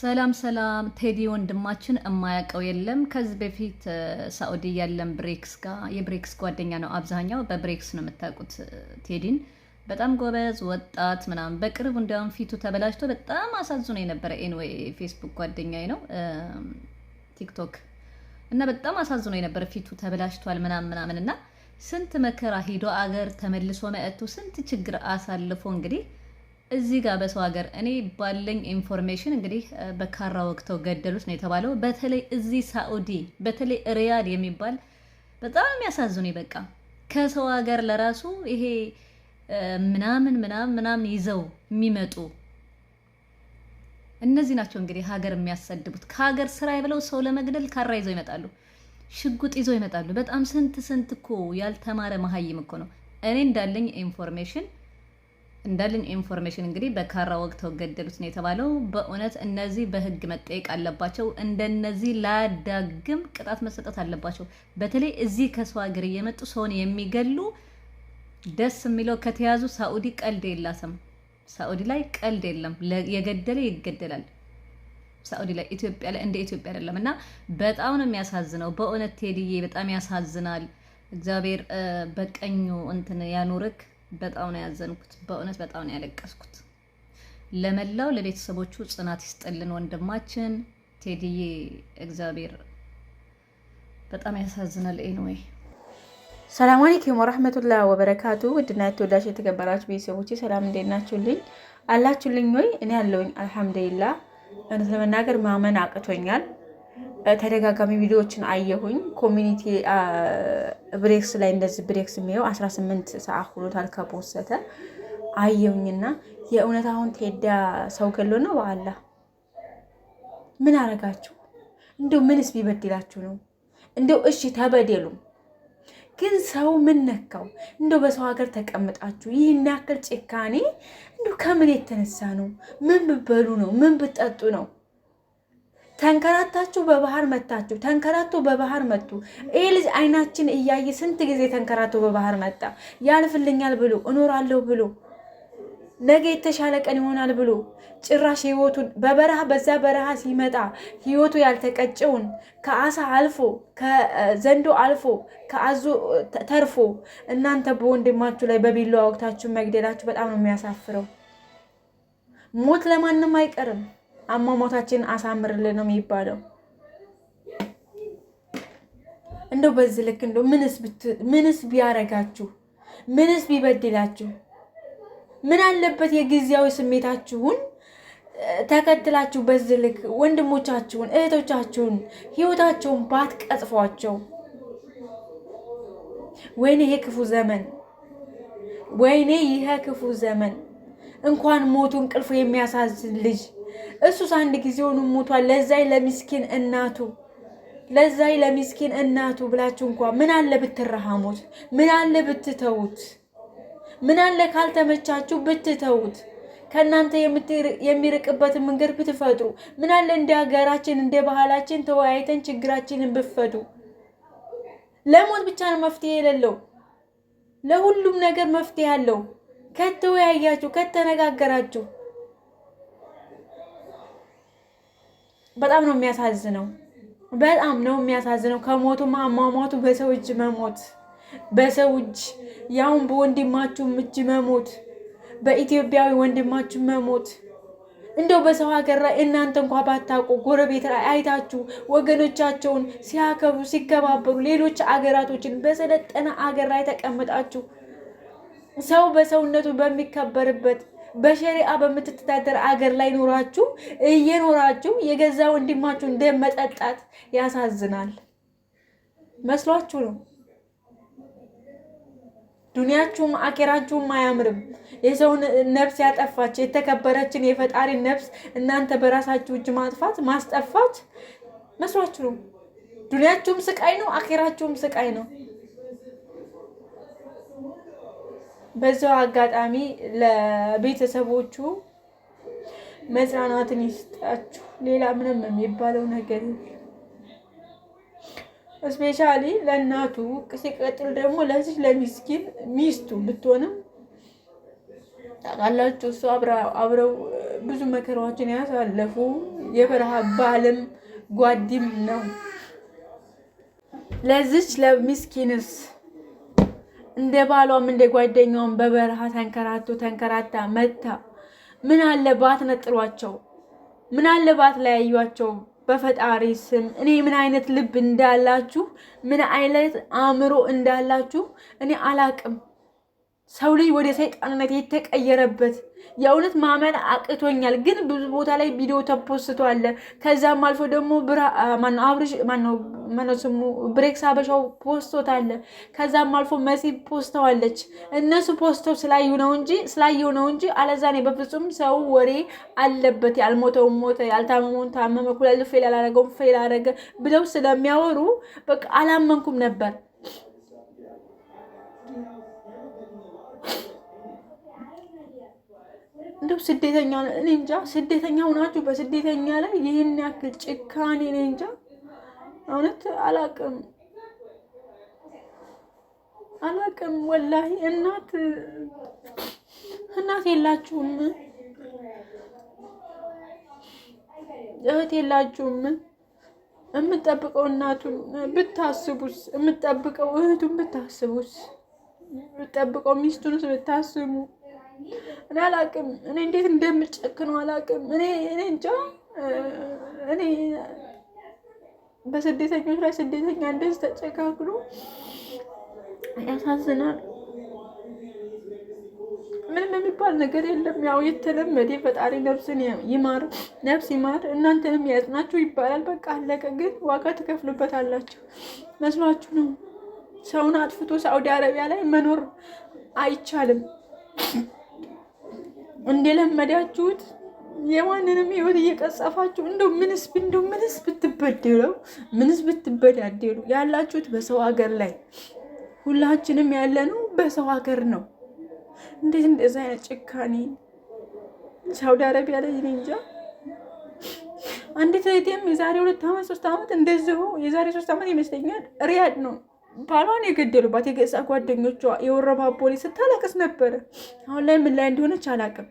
ሰላም ሰላም ቴዲ ወንድማችን እማያውቀው የለም። ከዚህ በፊት ሳኡዲ ያለን ብሬክስ ጋር የብሬክስ ጓደኛ ነው። አብዛኛው በብሬክስ ነው የምታውቁት ቴዲን። በጣም ጎበዝ ወጣት ምናምን። በቅርቡ እንዲያውም ፊቱ ተበላሽቶ በጣም አሳዝኖ የነበረ ኤንወይ ፌስቡክ ጓደኛዬ ነው ቲክቶክ እና በጣም አሳዝኖ የነበረ ፊቱ ተበላሽቷል ምናምን ምናምን እና ስንት መከራ ሂዶ አገር ተመልሶ መእቱ ስንት ችግር አሳልፎ እንግዲህ እዚህ ጋር በሰው ሀገር እኔ ባለኝ ኢንፎርሜሽን እንግዲህ በካራ ወቅተው ገደሉት ነው የተባለው። በተለይ እዚህ ሳኡዲ በተለይ ሪያድ የሚባል በጣም የሚያሳዝኑ በቃ ከሰው ሀገር ለራሱ ይሄ ምናምን ምናምን ምናምን ይዘው የሚመጡ እነዚህ ናቸው እንግዲህ ሀገር የሚያሰድቡት። ከሀገር ስራ ብለው ሰው ለመግደል ካራ ይዘው ይመጣሉ፣ ሽጉጥ ይዘው ይመጣሉ። በጣም ስንት ስንት እኮ ያልተማረ መሀይም እኮ ነው። እኔ እንዳለኝ ኢንፎርሜሽን እንዳለን ኢንፎርሜሽን እንግዲህ በካራ ወቅተው ገደሉት ነው የተባለው። በእውነት እነዚህ በህግ መጠየቅ አለባቸው። እንደነዚህ ላዳግም ቅጣት መሰጠት አለባቸው። በተለይ እዚህ ከሰው ሀገር እየመጡ ሰውን የሚገሉ ደስ የሚለው ከተያዙ ሳኡዲ ቀልድ የላትም። ሳኡዲ ላይ ቀልድ የለም። የገደለ ይገደላል። ሳኡዲ ላይ ኢትዮጵያ ላይ እንደ ኢትዮጵያ አይደለም እና በጣም ነው የሚያሳዝነው። በእውነት ቴዲዬ በጣም ያሳዝናል። እግዚአብሔር በቀኙ እንትን ያኑርክ። በጣም ነው ያዘንኩት። በእውነት በጣም ነው ያለቀስኩት። ለመላው ለቤተሰቦቹ ጽናት ይስጥልን ወንድማችን ቴዲዬ። እግዚአብሔር በጣም ያሳዝናል። ኤንዌይ ሰላም አለይኩም ወረህመቱላ ወበረካቱ። ውድና የተወዳጅ የተከበራችሁ ቤተሰቦች ሰላም እንዴት ናችሁልኝ? አላችሁልኝ ወይ? እኔ ያለውኝ አልሐምዱሊላ። እውነት ለመናገር ማመን አቅቶኛል። ተደጋጋሚ ቪዲዮዎችን አየሁኝ። ኮሚኒቲ ብሬክስ ላይ እንደዚህ ብሬክስ የሚየው 18 ሰዓት ሆኖታል ከፖሰተ አየሁኝና የእውነት አሁን ቴዳ ሰው ገሎ ነው። በኋላ ምን አረጋችሁ? እንደው ምንስ ቢበድላችሁ ነው? እንደው እሺ ተበደሉም ግን ሰው ምን ነካው? እንደው በሰው ሀገር ተቀምጣችሁ ይህን ያክል ጭካኔ እንደው ከምን የተነሳ ነው? ምን ብበሉ ነው? ምን ብጠጡ ነው? ተንከራታችሁ በባህር መታችሁ። ተንከራቶ በባህር መጡ። ይህ ልጅ አይናችን እያየ ስንት ጊዜ ተንከራቶ በባህር መጣ። ያልፍልኛል ብሎ እኖራለሁ ብሎ ነገ የተሻለ ቀን ይሆናል ብሎ ጭራሽ ህይወቱን በበረሃ በዛ በረሃ ሲመጣ ህይወቱ ያልተቀጨውን ከአሳ አልፎ ከዘንዶ አልፎ ከአዞ ተርፎ እናንተ በወንድማችሁ ላይ በቢላ ወቅታችሁ መግደላችሁ በጣም ነው የሚያሳፍረው። ሞት ለማንም አይቀርም። አሟሟታችን አሳምርልን ነው የሚባለው። እንደው በዚህ ልክ እንደው ምንስ ቢያረጋችሁ፣ ምንስ ቢበድላችሁ፣ ምን አለበት የጊዜያዊ ስሜታችሁን ተከትላችሁ በዚህ ልክ ወንድሞቻችሁን እህቶቻችሁን ህይወታቸውን ባትቀጥፏቸው። ወይኔ ይሄ ክፉ ዘመን፣ ወይኔ ይሄ ክፉ ዘመን። እንኳን ሞቱ እንቅልፉ የሚያሳዝን ልጅ እሱስ አንድ ጊዜውን ሞቷል። ለዛይ ለሚስኪን እናቱ ለዛይ ለሚስኪን እናቱ ብላችሁ እንኳ ምን አለ ብትረሃሙት፣ ምን አለ ብትተዉት፣ ምን አለ ካልተመቻችሁ ብትተዉት፣ ከእናንተ የሚርቅበትን መንገድ ብትፈጥሩ፣ ምን አለ እንደ ሀገራችን እንደ ባህላችን ተወያይተን ችግራችንን ብፈቱ። ለሞት ብቻ ነው መፍትሄ የሌለው፣ ለሁሉም ነገር መፍትሄ አለው ከተወያያችሁ ከተነጋገራችሁ በጣም ነው የሚያሳዝነው። በጣም ነው የሚያሳዝነው። ከሞቱ አሟሟቱ በሰው እጅ መሞት፣ በሰው እጅ ያውም በወንድማችሁም እጅ መሞት፣ በኢትዮጵያዊ ወንድማችሁ መሞት። እንደው በሰው ሀገር ላይ እናንተ እንኳ ባታውቁ ጎረቤት ላይ አይታችሁ ወገኖቻቸውን ሲያከብሩ ሲከባበሩ፣ ሌሎች አገራቶችን በሰለጠነ አገር ላይ ተቀምጣችሁ ሰው በሰውነቱ በሚከበርበት በሸሪአ በምትተዳደር አገር ላይ ኖራችሁ እየኖራችሁ የገዛ ወንድማችሁን ደም መጠጣት ያሳዝናል። መስሏችሁ ነው። ዱንያችሁም አኬራችሁም አያምርም። የሰውን ነፍስ ያጠፋች የተከበረችን የፈጣሪ ነፍስ እናንተ በራሳችሁ እጅ ማጥፋት ማስጠፋች መስሏችሁ ነው። ዱንያችሁም ስቃይ ነው፣ አኬራችሁም ስቃይ ነው። በዛው አጋጣሚ ለቤተሰቦቹ መጽናናትን ይስጣችሁ። ሌላ ምንም የሚባለው ነገር ስፔሻሊ ለእናቱ ሲቀጥል ደግሞ ለዚህ ለሚስኪን ሚስቱ ብትሆንም ታውቃላችሁ፣ እሱ አብረው ብዙ መከራዎችን ያሳለፉ የበረሃ ባልም ጓዲም ነው። ለዚች ለሚስኪንስ እንደ ባሏም እንደ ጓደኛውም በበረሃ ተንከራቶ ተንከራታ መታ። ምን ባት ነጥሏቸው፣ ምን ባት ለያዩቸው። በፈጣሪ ስም እኔ ምን አይነት ልብ እንዳላችሁ፣ ምን አይነት አእምሮ እንዳላችሁ እኔ አላቅም። ሰው ልጅ ወደ ሰይጣንነት የተቀየረበት የእውነት ማመን አቅቶኛል። ግን ብዙ ቦታ ላይ ቪዲዮ አለ። ከዛም አልፎ ደግሞ ማነው ስሙ ብሬክስ አበሻው ፖስቶታል። ከዛም አልፎ መሲ ፖስተዋለች። እነሱ ፖስቶ ስላዩ ነው እንጂ ስላየው ነው እንጂ አለዛኔ በፍጹም ሰው ወሬ አለበት ያልሞተውን ሞተ፣ ያልታመመውን ታመመ፣ ኩላሊቱ ፌል ያላረገውን ፌል አረገ ብለው ስለሚያወሩ በቃ አላመንኩም ነበር። እንደው ስደተኛ እኔ እንጃ ስደተኛ ሆናችሁ በስደተኛ ላይ ይህን ያክል ጭካኔ እኔ እንጃ እውነት አላቅም አላቅም ወላሂ። እናት እናት የላችሁም፣ እህት የላችሁም። የምጠብቀው እናቱን ብታስቡስ፣ የምጠብቀው እህቱን ብታስቡስ፣ የምጠብቀው ሚስቱንስ ብታስቡ እኔ እኔ እንዴት እንደምጨክነው አላውቅም። እኔ እኔ እንጃ እኔ በስደተኞች ላይ ስደተኛ እንደዚህ ተጨካክሎ ያሳዝናል። ምንም የሚባል ነገር የለም። ያው የተለመደ ፈጣሪ ነፍስን ይማር ነፍስ ይማር እናንተንም ያጽናችሁ ይባላል። በቃ አለቀ። ግን ዋጋ ትከፍሉበታላችሁ። መስሏችሁ ነው። ሰውን አጥፍቶ ሳውዲ አረቢያ ላይ መኖር አይቻልም። እንደለመዳችሁት የማንንም ህይወት እየቀጸፋችሁ እንደው ምንስ እንደው ምንስ ብትበደለው ምንስ ብትበዳደሉ ያላችሁት በሰው ሀገር ላይ ሁላችንም ያለነው በሰው ሀገር ነው። እንዴት እንደዚ አይነት ጭካኔ ሳውዲ አረቢያ ላይ እኔ እንጃ። አንዲት እህቴም የዛሬ ሁለት ዓመት ሶስት ዓመት እንደዚሁ የዛሬ ሶስት ዓመት ይመስለኛል ሪያድ ነው ባሏን የገደሉባት የገዛ ጓደኞቿ ፖሊስ ስታለቅስ ነበረ። አሁን ላይ ምን ላይ እንደሆነች አላቅም።